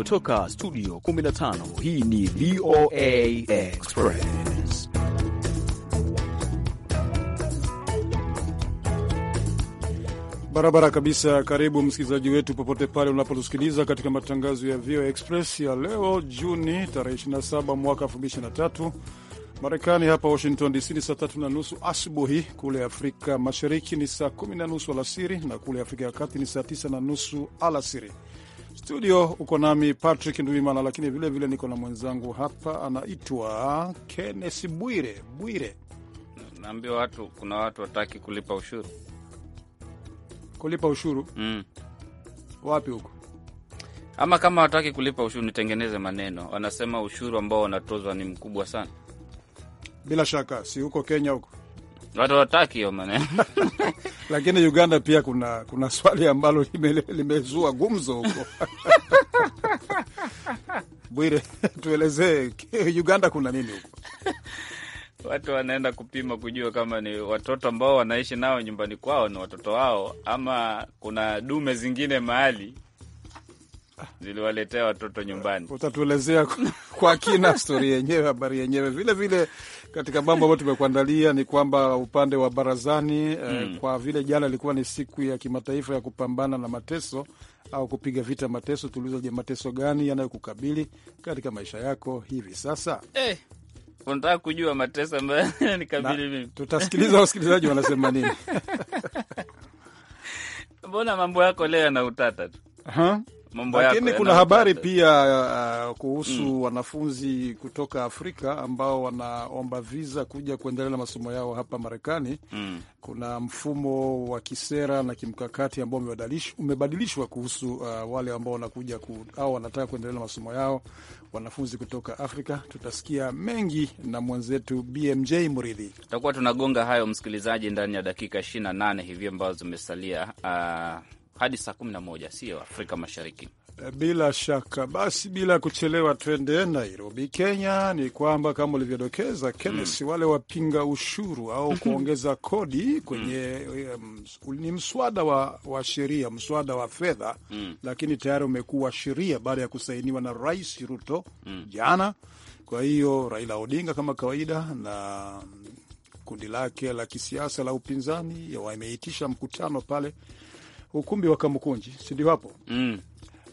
kutoka studio 15 hii ni VOA Express. Barabara kabisa. Karibu msikilizaji wetu popote pale unapotusikiliza katika matangazo ya VOA Express ya leo Juni tarehe 27 mwaka 2023 Marekani. Hapa Washington DC ni saa tatu na nusu asubuhi, kule Afrika Mashariki ni saa kumi na nusu alasiri na kule Afrika ya Kati ni saa tisa na nusu alasiri. Studio uko nami Patrick Nduimana, lakini vilevile niko na mwenzangu hapa anaitwa Kennes Bwire. Bwire, naambia watu, kuna watu wataki kulipa ushuru. Kulipa ushuru mm. Wapi huko? Ama kama wataki kulipa ushuru, nitengeneze maneno. Wanasema ushuru ambao wanatozwa ni mkubwa sana. Bila shaka si huko Kenya huko watu wataki hiyo maneno lakini Uganda pia kuna kuna swali ambalo limezua gumzo huko Bwire, tuelezee Uganda kuna nini huko? Watu wanaenda kupima kujua kama ni watoto ambao wanaishi nao nyumbani kwao ni watoto wao ama kuna dume zingine mahali ziliwaletea watoto nyumbani. Utatuelezea kwa kina stori yenyewe, habari yenyewe vilevile katika mambo ambayo tumekuandalia ni kwamba upande wa barazani mm. eh, hmm. kwa vile jana ilikuwa ni siku ya kimataifa ya kupambana na mateso au kupiga vita mateso, tuliuliza, je, mateso gani yanayokukabili katika maisha yako hivi sasa eh. Unataka kujua mateso ambayo nikabili mimi? Tutasikiliza wasikilizaji wanasema nini. Mbona mambo yako leo yana utata tu? mambo yako. Lakini kuna habari pia uh, kuhusu mm, wanafunzi kutoka Afrika ambao wanaomba visa kuja kuendelea na masomo yao hapa Marekani mm. Kuna mfumo wa kisera na kimkakati ambao umebadilishwa kuhusu uh, wale ambao wanakuja ku, au wanataka kuendelea na masomo yao wanafunzi kutoka Afrika. Tutasikia mengi na mwenzetu BMJ Mridhi. Tutakuwa tunagonga hayo msikilizaji, ndani ya dakika 28 hivi ambazo zimesalia uh, hadi saa moja sio Afrika Mashariki. E, bila shaka basi, bila kuchelewa twende Nairobi, Kenya. Ni kwamba kama ulivyodokeza Kenneth, mm. wale wapinga ushuru au kuongeza kodi kwenye mm. um, ni mswada wa, wa sheria, mswada wa fedha mm. lakini tayari umekuwa sheria baada ya kusainiwa na Rais Ruto mm. jana. Kwa hiyo Raila Odinga kama kawaida na mm, kundi lake la kisiasa la upinzani wameitisha mkutano pale ukumbi wa Kamukunji, si ndio hapo? mm.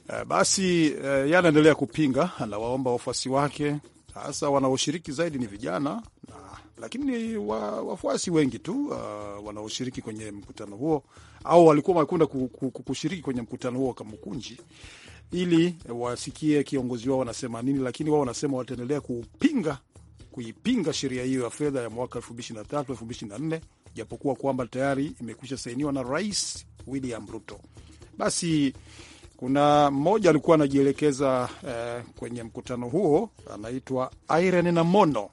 Uh, basi uh, eh, yeye anaendelea kupinga, anawaomba wafuasi wake hasa wanaoshiriki zaidi ni vijana na, lakini wa, wafuasi wengi tu uh, wanaoshiriki kwenye mkutano huo au walikuwa wakunda kushiriki kwenye mkutano huo wa Kamukunji ili wasikie kiongozi wao wanasema nini, lakini wao wanasema wataendelea kupinga kuipinga sheria hiyo ya fedha ya mwaka 2023 2024 japokuwa kwamba tayari imekwisha sainiwa na rais William Ruto. Basi kuna mmoja alikuwa anajielekeza eh, kwenye mkutano huo, anaitwa Irene Namono.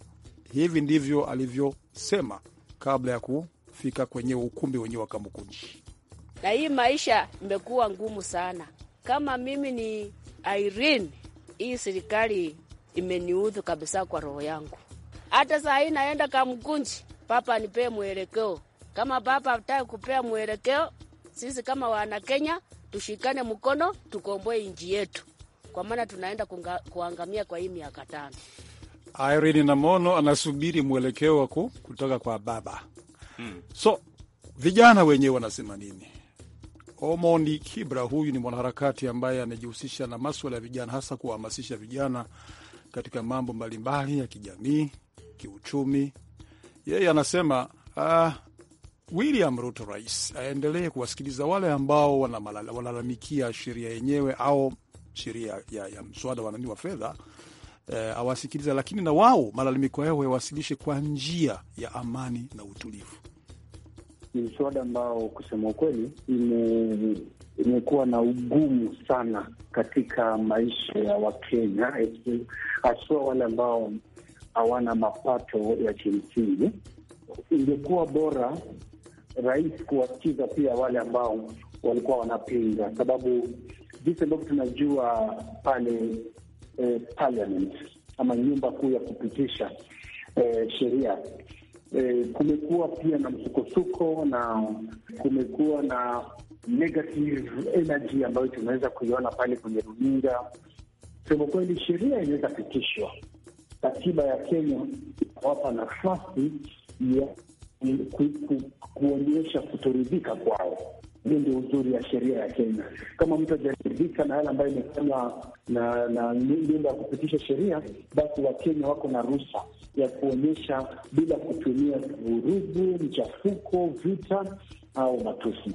Hivi ndivyo alivyosema kabla ya kufika kwenye ukumbi wenyewe wa Kamukunji. Na hii maisha imekuwa ngumu sana. Kama mimi ni Irene, hii serikali imeniudhu kabisa kwa roho yangu. Hata saa hii naenda Kamukunji, papa nipee mwelekeo. Kama papa hataki kupea mwelekeo, sisi kama wana Kenya tushikane mkono, tukomboe nchi yetu, kwa maana tunaenda kunga, kuangamia kwa hii miaka tano. Irene Namono anasubiri mwelekeo wa kutoka kwa baba hmm. So vijana wenyewe wanasema nini? Omondi Kibra huyu ni mwanaharakati ambaye anajihusisha na maswala ya vijana, hasa kuwahamasisha vijana katika mambo mbalimbali ya kijamii, kiuchumi. Yeye anasema ah, William Ruto rais aendelee kuwasikiliza wale ambao wanalalamikia sheria yenyewe au sheria ya, ya mswada wa nani wa fedha eh, awasikiliza, lakini na wao malalamiko yao yawasilishe kwa njia ya amani na utulivu. Ni mswada ambao kusema ukweli imekuwa na ugumu sana katika maisha ya Wakenya, haswa wale ambao hawana mapato ya kimsingi. Ingekuwa bora rais kuwasikiza pia wale ambao walikuwa wanapinga, sababu jinsi ambavyo tunajua pale eh, parliament ama nyumba kuu ya kupitisha eh, sheria eh, kumekuwa pia na msukosuko na kumekuwa na negative energy ambayo tunaweza kuiona pale kwenye runinga. Sema kweli, sheria inaweza pitishwa, katiba ya Kenya wapa nafasi ya ku, ku, kuonyesha kutoridhika kwao. Hiyo ndio uzuri ya sheria ya Kenya. Kama mtu ajaridhika na yale ambayo imefanywa na na nyumba ya kupitisha sheria, basi Wakenya wako na ruhusa ya kuonyesha bila kutumia vurugu, mchafuko, vita au matusi.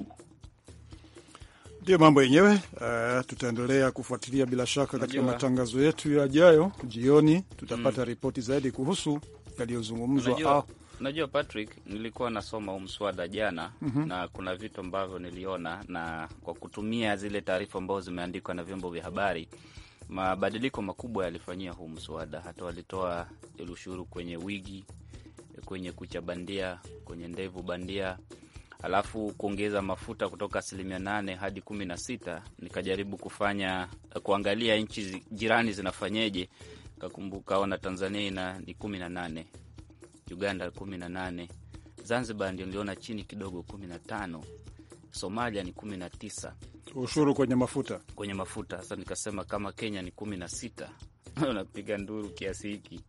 Ndiyo mambo yenyewe. Uh, tutaendelea kufuatilia bila shaka katika matangazo yetu yajayo jioni, tutapata hmm. ripoti zaidi kuhusu yaliyozungumzwa Unajua Patrick, nilikuwa nasoma huu mswada jana mm -hmm. na kuna vitu ambavyo niliona, na kwa kutumia zile taarifa ambazo zimeandikwa na vyombo vya habari, mabadiliko makubwa yalifanyia huu mswada. Hata walitoa ushuru kwenye wigi, kwenye kucha bandia, kwenye ndevu bandia, alafu kuongeza mafuta kutoka asilimia nane hadi kumi na sita. Nikajaribu kufanya kuangalia nchi jirani zinafanyeje, kakumbukaona Tanzania ina ni kumi na nane Uganda kumi na nane, Zanzibar ndio niliona chini kidogo kumi na tano, Somalia ni kumi na tisa ushuru kwenye mafuta kwenye mafuta. Sasa nikasema kama Kenya ni kumi na sita unapiga nduru kiasi hiki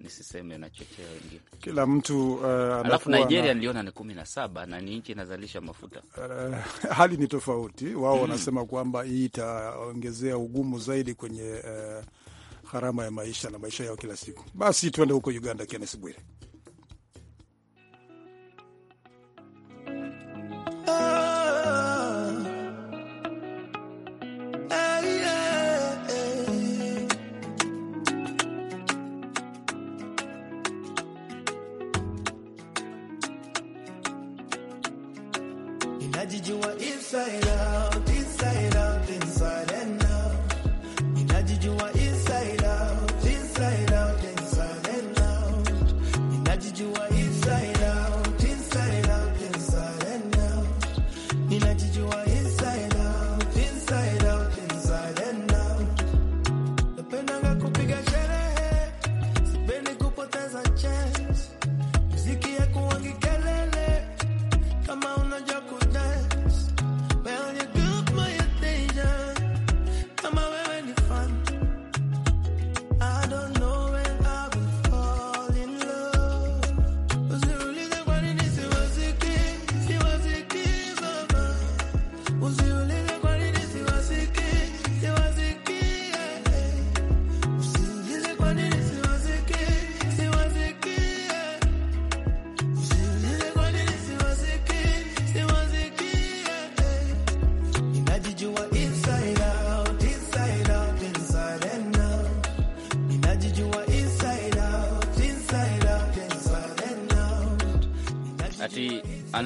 nisiseme nachochea wengine, kila mtu uh, alafu Nigeria na... niliona ni kumi na saba na ni nchi inazalisha mafuta uh, hali ni tofauti. Wao mm. wanasema mm, kwamba hii itaongezea ugumu zaidi kwenye uh, gharama ya maisha na maisha yao kila siku. Basi tuende huko Uganda. Kennes Bwire.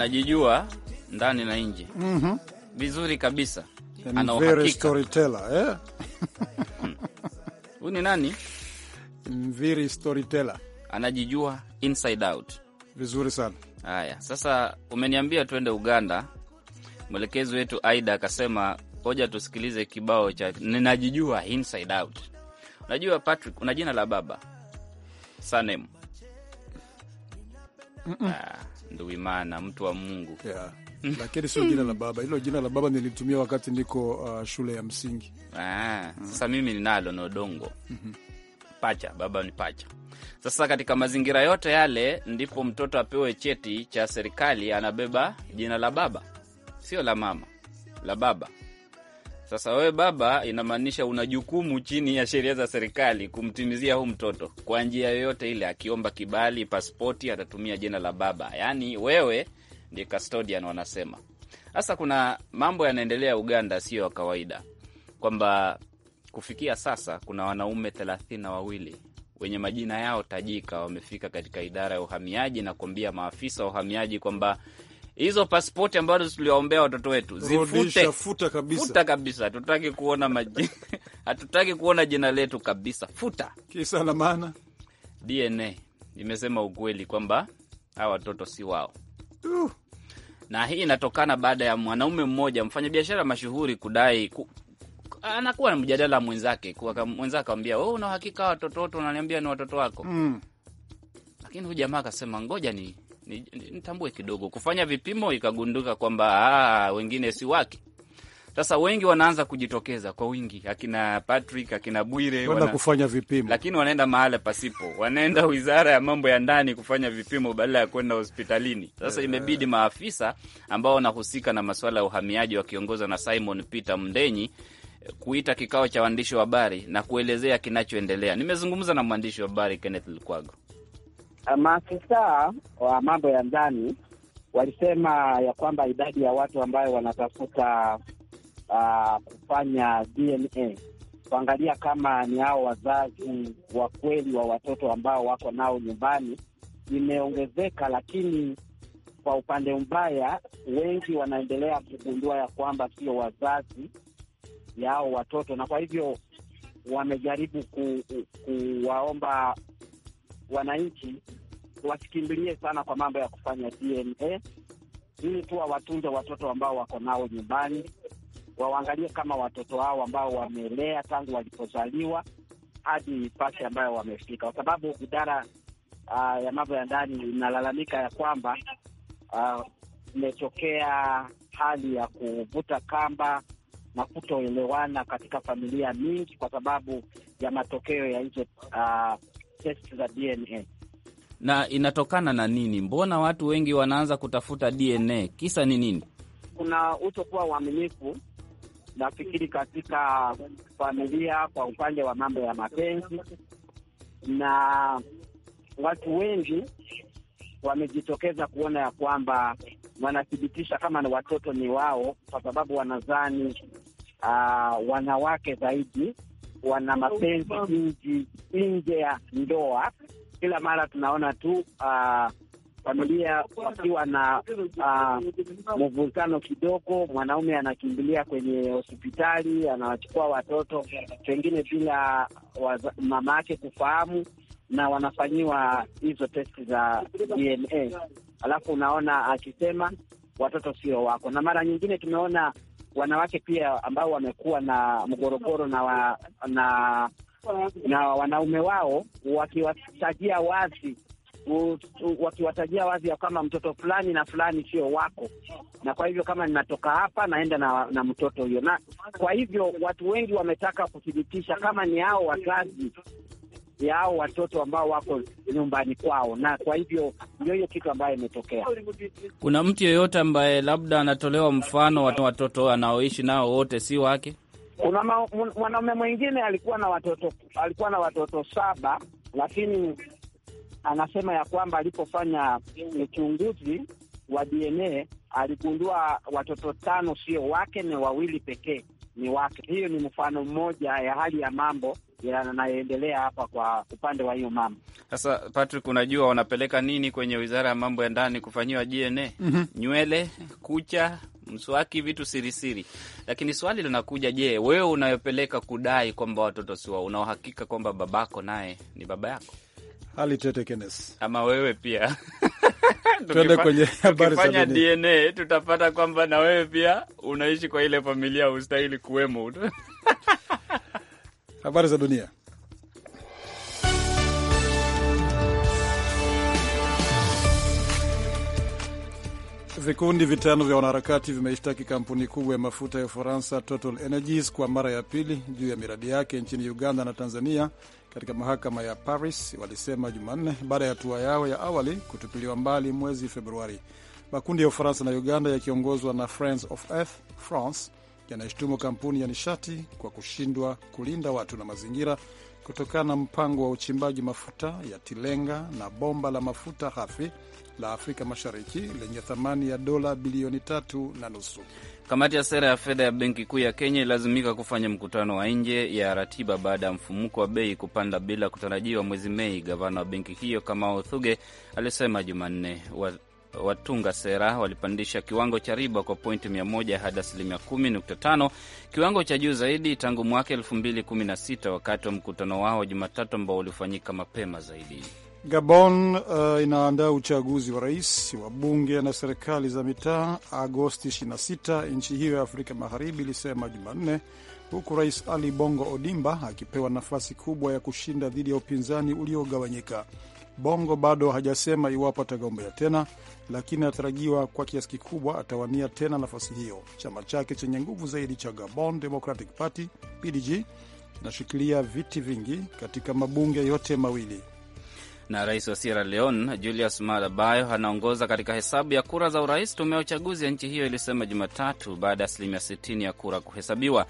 anajijua ndani na nje mhm. vizuri mm -hmm. kabisa, ana uhakika huyu ni nani? Mviri storyteller anajijua inside out vizuri sana. Haya, sasa umeniambia tuende Uganda. Mwelekezi wetu Aida akasema hoja tusikilize kibao cha ninajijua inside out. Unajua Patrick, una jina la baba sanem mm -mm. Nduimana, mtu wa Mungu yeah. Lakini sio jina la baba. Hilo jina la baba nilitumia wakati niko uh, shule ya msingi ah, mm. Sasa mimi ninalo na mm -hmm. Pacha, baba ni pacha. Sasa katika mazingira yote yale, ndipo mtoto apewe cheti cha serikali, anabeba jina la baba, sio la mama, la baba sasa wewe baba, inamaanisha una jukumu chini ya sheria za serikali kumtimizia huu mtoto kwa njia yoyote ile. Akiomba kibali, paspoti, atatumia jina la baba, yaani wewe ndi custodian wanasema. Sasa kuna mambo yanaendelea Uganda siyo ya kawaida, kwamba kufikia sasa kuna wanaume thelathini na wawili wenye majina yao tajika wamefika katika idara ya uhamiaji na kuambia maafisa wa uhamiaji kwamba hizo paspoti ambazo tuliwaombea watoto wetu zifute, futa kabisa, futa kabisa. Hatutaki kuona maji, hatutaki kuona jina letu kabisa, futa. Kisa na maana, DNA imesema ukweli kwamba hawa watoto si wao uh. Na hii inatokana baada ya mwanaume mmoja mfanyabiashara mashuhuri kudai ku, anakuwa na mjadala mwenzake, mwenzake akamwambia wewe, oh, una uhakika watoto wote unaniambia ni watoto wako mm. Lakini huyu jamaa akasema ngoja ni nitambue kidogo, kufanya vipimo ikagundulika kwamba ah, wengine si wake. Sasa wengi wanaanza kujitokeza kwa wingi, akina Patrick, akina Bwire wana kufanya vipimo, lakini wanaenda mahala pasipo, wanaenda wizara ya mambo ya ndani kufanya vipimo badala ya kwenda hospitalini. Sasa imebidi maafisa ambao wanahusika na masuala ya uhamiaji wakiongozwa na Simon Peter Mdenyi eh, kuita kikao cha waandishi wa habari na kuelezea kinachoendelea. Nimezungumza na mwandishi wa habari Kenneth Lukwago. Ah, maafisa wa mambo ya ndani walisema ya kwamba idadi ya watu ambayo wanatafuta uh, kufanya DNA kuangalia kama ni hao wazazi wa kweli wa watoto ambao wako nao nyumbani imeongezeka, lakini kwa upande mbaya, wengi wanaendelea kugundua ya kwamba sio wazazi yao watoto, na kwa hivyo wamejaribu kuwaomba ku, wananchi wasikimbilie sana kwa mambo ya kufanya DNA ili tu wawatunze watoto ambao wako nao nyumbani, wawaangalie kama watoto hao ambao wamelea tangu walipozaliwa hadi pasi ambayo wamefika, kwa sababu idara uh, ya mambo ya ndani inalalamika ya kwamba ah, imetokea uh, hali ya kuvuta kamba na kutoelewana katika familia mingi kwa sababu ya matokeo ya hizo uh, test za DNA. Na inatokana na nini? Mbona watu wengi wanaanza kutafuta DNA? Kisa ni nini? Kuna utokuwa uaminifu nafikiri katika familia, kwa upande wa mambo ya mapenzi, na watu wengi wamejitokeza kuona ya kwamba wanathibitisha kama ni watoto ni wao, kwa sababu wanadhani uh, wanawake zaidi wana mapenzi nji nje ya ndoa. Kila mara tunaona tu uh, familia wakiwa na uh, ah, mvutano kidogo, mwanaume anakimbilia kwenye hospitali, anawachukua watoto pengine bila mama yake kufahamu, na wanafanyiwa hizo testi za DNA, alafu unaona akisema watoto sio wako, na mara nyingine tumeona wanawake pia ambao wamekuwa na mgorogoro na wa, na na wanaume wao wakiwatajia wazi wakiwatajia wazi ya kama mtoto fulani na fulani sio wako, na kwa hivyo kama ninatoka hapa naenda na, na mtoto huyo. Na kwa hivyo watu wengi wametaka kuthibitisha kama ni hao wazazi ya hao watoto ambao wako nyumbani kwao, na kwa hivyo ndio hiyo kitu ambayo imetokea. Kuna mtu yeyote ambaye labda anatolewa mfano watoto anaoishi nao wote si wake? Kuna mwanaume mwingine alikuwa na watoto alikuwa na watoto saba, lakini anasema ya kwamba alipofanya uchunguzi wa DNA aligundua watoto tano sio wake, ni wawili pekee ni wake. Hiyo ni mfano mmoja ya hali ya mambo yanayoendelea hapa kwa upande wa hiyo mama. Sasa Patrick, unajua wanapeleka nini kwenye wizara ya mambo ya ndani kufanyiwa DNA? mm -hmm. Nywele, kucha, mswaki, vitu sirisiri. Lakini swali linakuja, je, wewe unayopeleka kudai kwamba watoto siwa, unaohakika kwamba babako naye ni baba yako? Hali tete Kenes, ama wewe pia Tuende kwenye habari za dunia. DNA tutapata kwamba na wewe pia unaishi kwa ile familia, ustahili kuwemo habari za dunia. Vikundi vitano vya wanaharakati vimeishtaki kampuni kubwa ya mafuta ya Ufaransa Total Energies kwa mara ya pili juu ya miradi yake nchini Uganda na Tanzania katika mahakama ya Paris, walisema Jumanne, baada ya hatua yao ya awali kutupiliwa mbali mwezi Februari. Makundi ya Ufaransa na Uganda yakiongozwa na Friends of Earth France yanaishtumu kampuni ya nishati kwa kushindwa kulinda watu na mazingira kutokana na mpango wa uchimbaji mafuta ya Tilenga na bomba la mafuta hafi la Afrika Mashariki lenye thamani ya dola bilioni tatu na nusu. Kamati ya sera ya fedha ya Benki Kuu ya Kenya ilazimika kufanya mkutano wa nje ya ratiba baada ya mfumuko wa bei kupanda bila kutarajiwa mwezi Mei. Gavana wa benki hiyo Kamau Thuge alisema Jumanne watunga sera walipandisha kiwango cha riba kwa pointi 100 hadi asilimia 10.5, kiwango cha juu zaidi tangu mwaka 2016 wakati wa mkutano wao wa Jumatatu ambao ulifanyika mapema zaidi. Gabon uh, inaandaa uchaguzi wa rais wa bunge na serikali za mitaa Agosti 26, nchi hiyo ya Afrika Magharibi ilisema Jumanne, huku rais Ali Bongo Odimba akipewa nafasi kubwa ya kushinda dhidi ya upinzani uliogawanyika. Bongo bado hajasema iwapo atagombea tena, lakini anatarajiwa kwa kiasi kikubwa atawania tena nafasi hiyo. Chama chake chenye nguvu zaidi cha Gabon Democratic Party PDG kinashikilia viti vingi katika mabunge yote mawili na rais wa Sierra Leone Julius Maada Bio anaongoza katika hesabu ya kura za urais. Tume ya uchaguzi ya nchi hiyo ilisema Jumatatu baada ya asilimia 60 ya kura kuhesabiwa.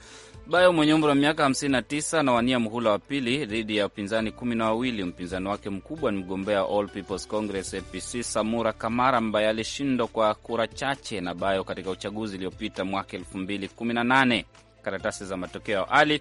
bayo mwenye umri wa miaka 59 anawania mhula wa pili dhidi ya upinzani kumi na wawili. Mpinzani wake mkubwa ni mgombea All Peoples Congress APC Samura Kamara ambaye alishindwa kwa kura chache na bayo katika uchaguzi uliopita mwaka 2018. Karatasi za matokeo ya awali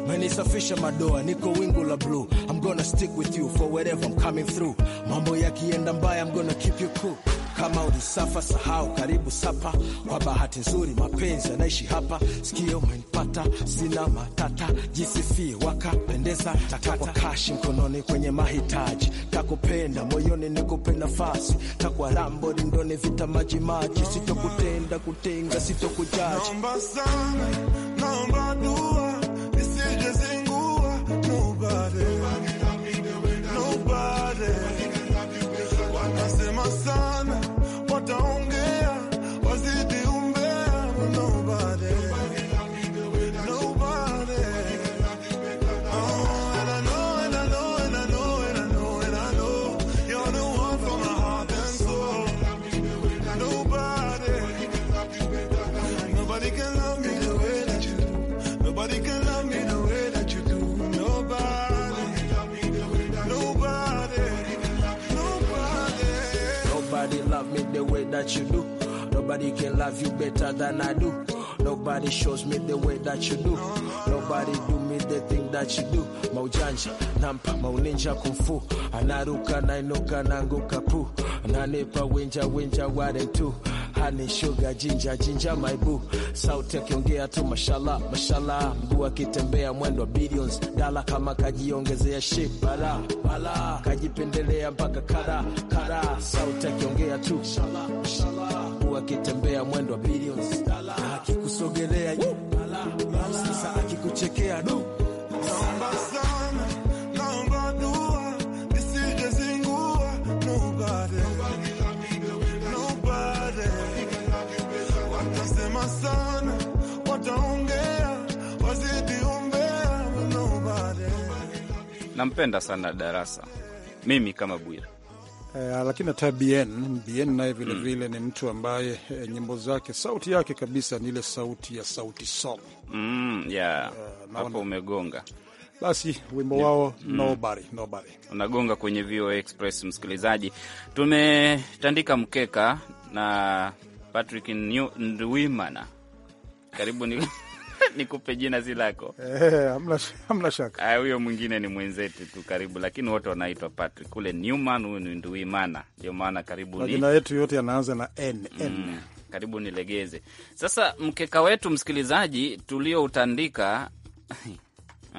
umenisafisha madoa, niko wingu la blue. I'm gonna stick with you for whatever I'm coming through. Mambo yakienda mbaya, I'm gonna keep you cool. Kama ulisafa sahau, karibu sapa. Kwa bahati nzuri, mapenzi yanaishi hapa. Sikio umenipata, sina matata, jisifie wakapendeza takata. Kashi mkononi kwenye mahitaji, takupenda moyoni, nikupe nafasi, takwa rambo lindoni, vita maji maji, sitokutenda kutenga, sitokujaji, naomba sana, naomba dua Nobody. you do. Nobody can love you better than I do. Nobody shows me the way that you do. Nobody do me the thing that you do. Maujanja, nampa, mauninja kufu. Anaruka, nainuka, nanguka pu. Nanipa, winja, winja, ware tu. honey sugar ginger ginger my boo, sauti akiongea tu mashallah mashallah, mguu akitembea mwendo billions dala, kama kajiongezea shape bala bala, kajipendelea mpaka kara kara, sauti akiongea tu mashallah mashallah, mguu akitembea mwendo billions dala, akikusogelea bala bala nampenda sana Darasa mimi kama Bwira. Uh, lakini hata bn bn naye vile mm. vile ni mtu ambaye e, nyimbo zake sauti yake kabisa ni ile sauti ya sauti sol mm, yeah. Uh, hapo umegonga basi wimbo wao mm. nobody, nobody. Unagonga kwenye VOA Express msikilizaji, tumetandika mkeka na Patrick Ndwimana karibu ni nikupe jina zilako. lako eh, hamna shaka. Huyo mwingine ni mwenzetu tu karibu, lakini wote wanaitwa Patrick kule Newman. Huyu ni Nduimana, ndio maana karibu majina yetu yote yanaanza na n n mm, karibu nilegeze. Sasa mkeka wetu msikilizaji, tulioutandika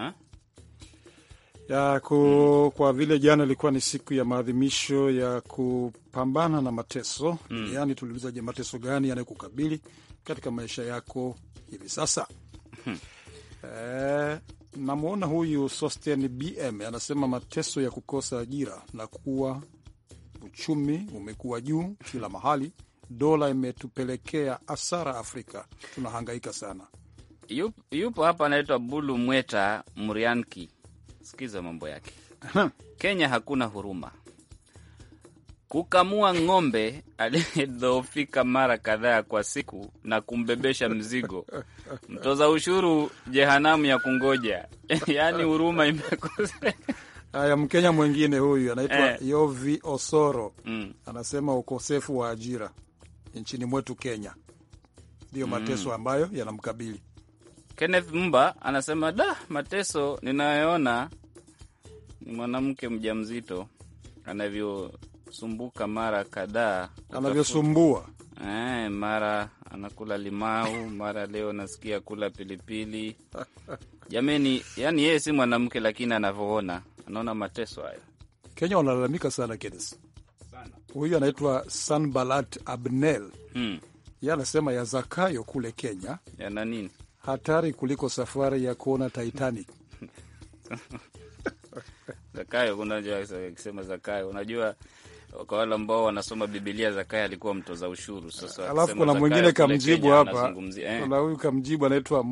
ya ku, mm. kwa vile jana ilikuwa ni siku ya maadhimisho ya kupambana na mateso mm. Yaani tuliuliza, je, mateso gani yanayokukabili katika maisha yako hivi sasa? Hmm. Eh, namwona huyu Sosten BM anasema mateso ya kukosa ajira na kuwa uchumi umekuwa juu kila mahali, dola imetupelekea hasara Afrika, tunahangaika sana. Yup, yupo hapa anaitwa Bulu Mweta Murianki, sikiza mambo yake Kenya hakuna huruma kukamua ng'ombe aliyedhoofika mara kadhaa kwa siku na kumbebesha mzigo. Mtoza ushuru jehanamu ya kungoja yaani huruma imekosa. Haya, Mkenya mwingine huyu anaitwa eh, Yovi Osoro mm, anasema ukosefu wa ajira nchini mwetu Kenya ndiyo mm, mateso ambayo yanamkabili. Kenneth Mba anasema da, mateso ninayoona ni mwanamke mjamzito anavyo kusumbuka mara kadhaa anavyosumbua Eh, mara anakula limau, mara leo nasikia kula pilipili. Jameni, yani yeye si mwanamke, lakini anavyoona anaona mateso hayo. Kenya wanalalamika sana, Kenes. Huyu anaitwa Sanbalat Abnel hmm. Ye anasema ya Zakayo kule Kenya yana nini hatari kuliko safari ya kuona Titanic. Zakayo, unajua, kisema Zakayo, unajua kwa wale ambao wanasoma Bibilia, Zakayo alikuwa mtoza ushuru. Sasa alafu kuna mwingine kamjibu hapa, eh. kuna huyu kamjibu anaitwa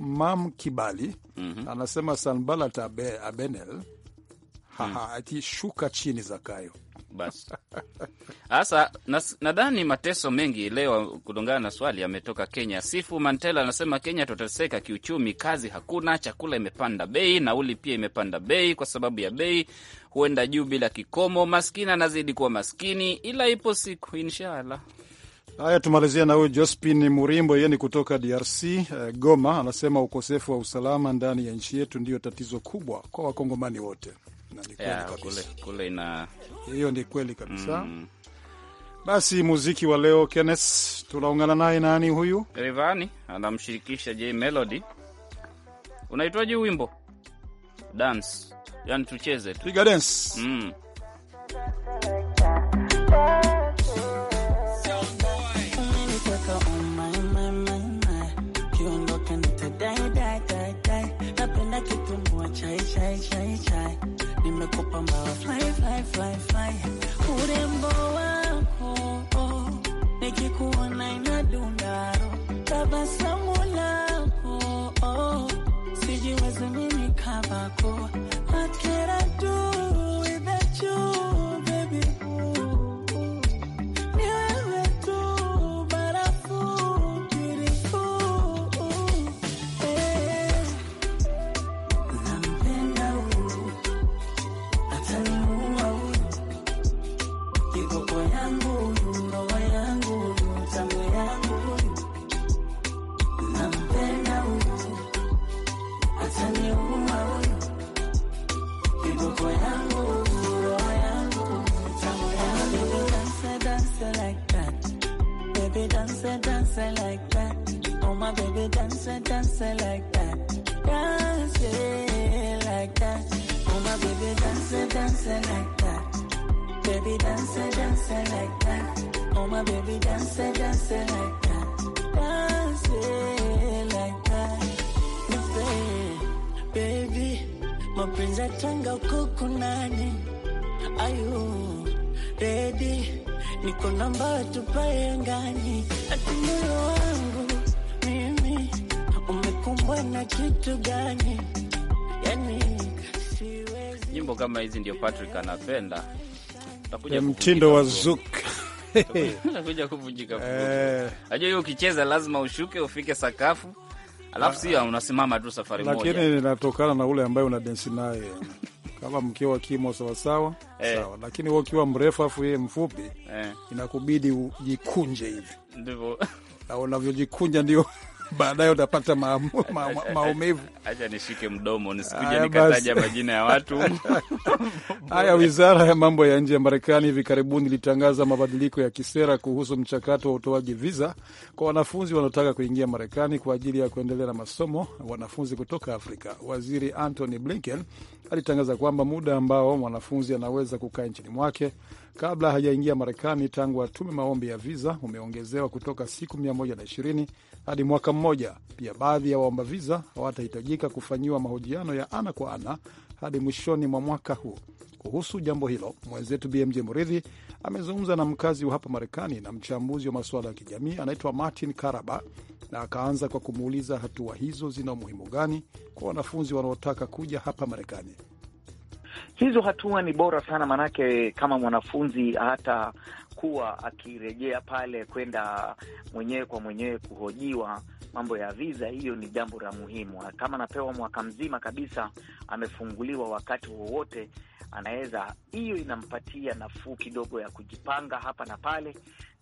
Mam Kibali mm -hmm. anasema Sanbalat Abenel ati mhm. shuka chini Zakayo basi. Sasa nadhani mateso mengi leo, kulingana na swali, yametoka Kenya. Sifu Mantela anasema Kenya tutateseka kiuchumi, kazi hakuna, chakula imepanda bei, nauli pia imepanda bei kwa sababu ya bei huenda juu bila kikomo. Maskini anazidi kuwa maskini, ila ipo siku inshallah. Haya, tumalizia na huyu Jospin Murimbo, yeye ni kutoka DRC eh, Goma. Anasema ukosefu wa usalama ndani ya nchi yetu ndiyo tatizo kubwa kwa wakongomani wote na ni kweli yeah, kabisa kule, kule ina... hiyo ni kweli kabisa mm. Basi muziki wa leo Kenneth, tunaungana naye nani huyu? Rivani anamshirikisha J Melody. Unaitwaje wimbo? Dance. Yani tucheze tu. Piga dance. Mm nimekopa mbawa fly, fly, fly, fly. Urembo wako oh, nikikuona inadundaro tabasamu lako oh, sijiwezi mimi kabako What can I you dance like that. Oh my baby, dance dance like that. Dance like that. Oh my baby, dance dance like that. Baby, dance dance like that. Oh my baby, dance dance like that. Dance like that. Nipe, baby, my mapenzi yatwanga huko kunani. Are you ready? niko namba tupae angani, ati moyo wangu mimi umekumbwa na kitu gani? Yani siwezi. Nyimbo kama hizi ndio Patrick anapenda, eh, mtindo wa zuk nakuja kuvunjika eh. najua hiyo, ukicheza lazima ushuke ufike sakafu, alafu ah, sio unasimama tu safari moja, lakini inatokana na ule ambaye una densi naye kama mkiwa kimo sawasawa eh, sawa, lakini wewe ukiwa mrefu afu yeye mfupi eh, inakubidi ujikunje hivi ndivyo na unavyojikunja ndio baadaye utapata maumivu ma, ma, ma acha nishike mdomo nisikuja nikataja majina ya watu haya. Wizara ya mambo ya nje ya Marekani hivi karibuni ilitangaza mabadiliko ya kisera kuhusu mchakato wa utoaji viza kwa wanafunzi wanaotaka kuingia Marekani kwa ajili ya kuendelea na masomo, wanafunzi kutoka Afrika. Waziri antony Blinken alitangaza kwamba muda ambao mwanafunzi anaweza kukaa nchini mwake kabla hajaingia Marekani tangu atume maombi ya viza umeongezewa kutoka siku 120 hadi mwaka mmoja. Pia baadhi ya waomba viza hawatahitajika kufanyiwa mahojiano ya ana kwa ana hadi mwishoni mwa mwaka huu. Kuhusu jambo hilo, mwenzetu BMJ Muridhi amezungumza na mkazi wa hapa Marekani na mchambuzi wa masuala ya kijamii anaitwa Martin Karaba, na akaanza kwa kumuuliza hatua hizo zina umuhimu gani kwa wanafunzi wanaotaka kuja hapa Marekani. Hizo hatua ni bora sana, maanake kama mwanafunzi hata kuwa akirejea pale kwenda mwenyewe kwa mwenyewe kuhojiwa mambo ya viza hiyo ni jambo la muhimu. Kama anapewa mwaka mzima kabisa, amefunguliwa wakati wowote, anaweza hiyo inampatia nafuu kidogo ya kujipanga hapa na pale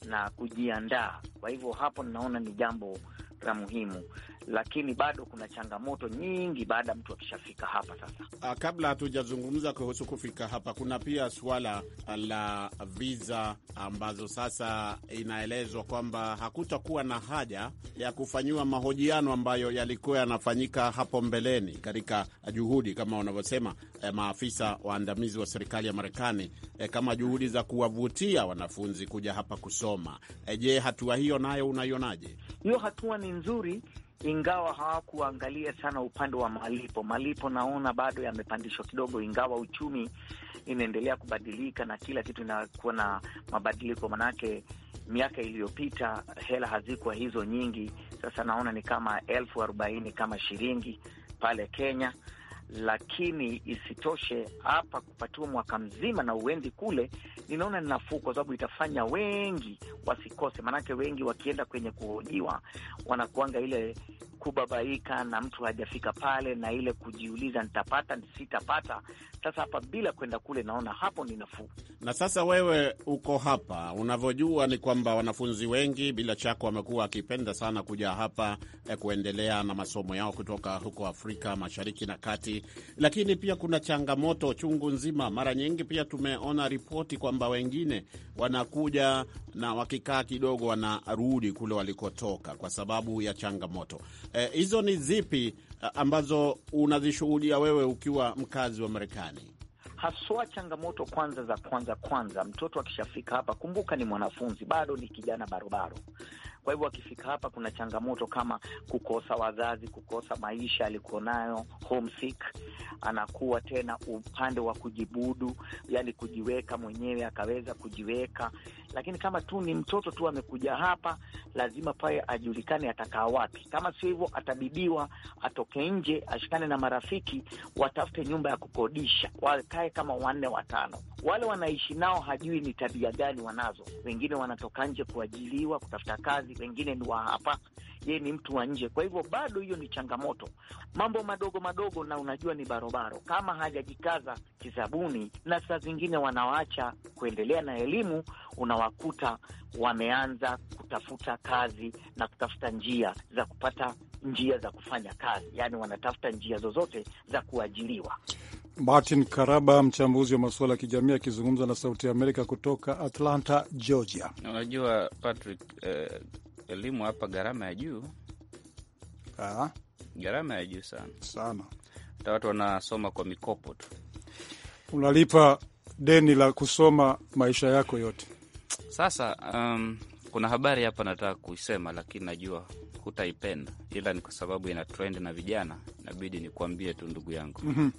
na kujiandaa. Kwa hivyo hapo ninaona ni jambo sekta muhimu, lakini bado kuna changamoto nyingi baada ya mtu akishafika hapa. Sasa ah, kabla hatujazungumza kuhusu kufika hapa, kuna pia suala ah, la viza ambazo sasa inaelezwa kwamba hakutakuwa na haja ya kufanyiwa mahojiano ambayo yalikuwa yanafanyika hapo mbeleni katika juhudi kama wanavyosema eh, maafisa waandamizi wa serikali ya Marekani eh, kama juhudi za kuwavutia wanafunzi kuja hapa kusoma. Eh, je, hatua hiyo nayo unaionaje? Hiyo hatua ni nzuri, ingawa hawakuangalia sana upande wa malipo. Malipo naona bado yamepandishwa kidogo, ingawa uchumi inaendelea kubadilika na kila kitu inakuwa na mabadiliko, manake miaka iliyopita hela hazikuwa hizo nyingi. Sasa naona ni kama elfu arobaini kama shilingi pale Kenya lakini isitoshe hapa kupatiwa mwaka mzima na uendi kule, ninaona ni nafuu, kwa sababu itafanya wengi wasikose. Maanake wengi wakienda kwenye kuhojiwa wanakuanga ile kubabaika na mtu hajafika pale, na ile kujiuliza nitapata sitapata. Sasa hapa bila kwenda kule, naona hapo ni nafuu. Na sasa wewe uko hapa, unavyojua ni kwamba wanafunzi wengi bila shaka wamekuwa wakipenda sana kuja hapa eh, kuendelea na masomo yao kutoka huko Afrika Mashariki na Kati, lakini pia kuna changamoto chungu nzima. Mara nyingi pia tumeona ripoti kwamba wengine wanakuja na wakikaa kidogo wanarudi kule walikotoka kwa sababu ya changamoto. Eh, hizo e, ni zipi eh, ambazo unazishughulia wewe ukiwa mkazi wa Marekani? Haswa changamoto kwanza za kwanza kwanza, mtoto akishafika hapa, kumbuka ni mwanafunzi bado, ni kijana barobaro, kwa hivyo wakifika hapa, kuna changamoto kama kukosa wazazi, kukosa maisha alikuwa nayo, homesick, anakuwa tena upande wa kujibudu, yani kujiweka mwenyewe, akaweza kujiweka. Lakini kama tu ni mtoto tu amekuja hapa, lazima paye ajulikane atakaa wapi. Kama sio hivyo, atabidiwa atoke nje, ashikane na marafiki, watafute nyumba ya kukodisha, wakae kama wanne watano. Wale wanaishi nao hajui ni tabia gani wanazo. Wengine wanatoka nje kuajiliwa, kutafuta kazi wengine ni wa hapa yeye ni mtu wa nje. Kwa hivyo bado hiyo ni changamoto, mambo madogo madogo, na unajua ni barobaro kama hajajikaza kisabuni, na saa zingine wanawacha kuendelea na elimu, unawakuta wameanza kutafuta kazi na kutafuta njia za kupata njia za kufanya kazi, yaani wanatafuta njia zozote za kuajiriwa. Martin Karaba, mchambuzi wa masuala ya kijamii, akizungumza na Sauti ya Amerika kutoka Atlanta, Georgia. Unajua Patrick, eh, elimu hapa gharama ya juu, gharama ya juu sana sana, hata watu wanasoma kwa mikopo tu, unalipa deni la kusoma maisha yako yote. Sasa um, kuna habari hapa nataka kuisema, lakini najua hutaipenda, ila ni kwa sababu ina trend na vijana, inabidi nikuambie tu ndugu yangu. mm -hmm.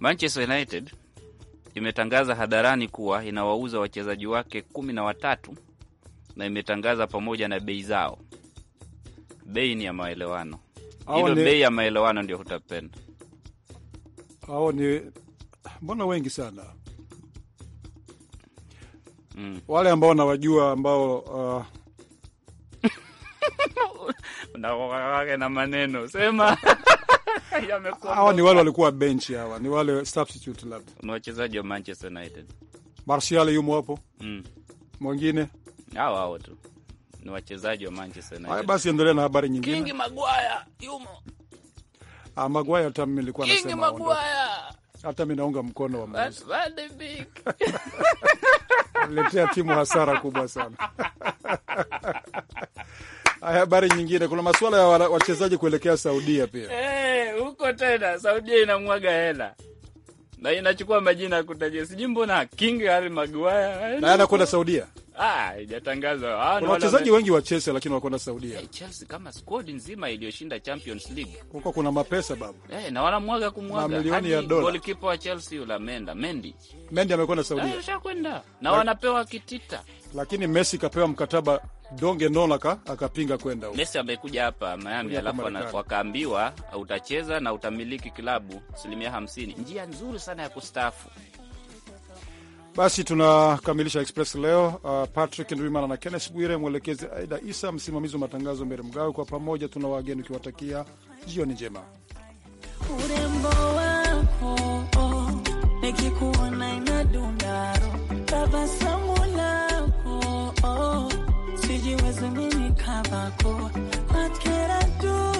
Manchester United imetangaza hadharani kuwa inawauza wachezaji wake kumi na watatu na imetangaza pamoja na bei zao. Bei ni ya maelewano, hilo bei ya maelewano ndio hutapenda hao ni mbona wengi sana mm. Wale ambao nawajua ambao uh... unakokaake na maneno sema hawa ni wale walikuwa benchi, hawa ni wale substitute, labda ni wachezaji wa Manchester United. Martial yumo hapo mm. mwingine hao hao tu ni wachezaji wa Manchester United. Haya basi, endelea na habari nyingine. Kingi Magwaya yumo. Ah, Magwaya hata mimi nilikuwa nasema. Kingi Magwaya. Hata mimi naunga mkono wa Manchester. Letea timu hasara kubwa sana. Haya, habari nyingine, kuna masuala ya wachezaji kuelekea Saudia pia. Eh, hey, huko tena Saudia inamwaga hela na inachukua majina ya kutaja, sijui mbona King Harry Maguire na anakwenda Saudia. Ah, haijatangazwa. Ah, kuna wachezaji wengi wa Chelsea lakini wanakwenda Saudia. Hey, eh, Chelsea kama squad nzima iliyoshinda Champions League. Huko kuna mapesa babu. Eh, hey, na wanamwaga kumwaga. Mamilioni ya dola. Goalkeeper wa Chelsea yule Mendy, Mendy. Mendy amekwenda eh, Saudia. Hey, Ameshakwenda. Na wanapewa kitita. Lakini Messi kapewa mkataba Donge Nonaka akapinga kwenda huko. Messi amekuja hapa Miami, alafu wakaambiwa uh, utacheza na utamiliki klabu asilimia hamsini. Njia nzuri sana ya kustaafu. Basi tunakamilisha Express leo. Uh, Patrick Ndwimana na Kennes Bwire, mwelekezi Aida Isa, msimamizi wa matangazo Mbere Mgawe, kwa pamoja tuna wageni ukiwatakia jioni njema. Urembo wako oh, nikikuona tabasamu lako oh. Did you ever what can I do?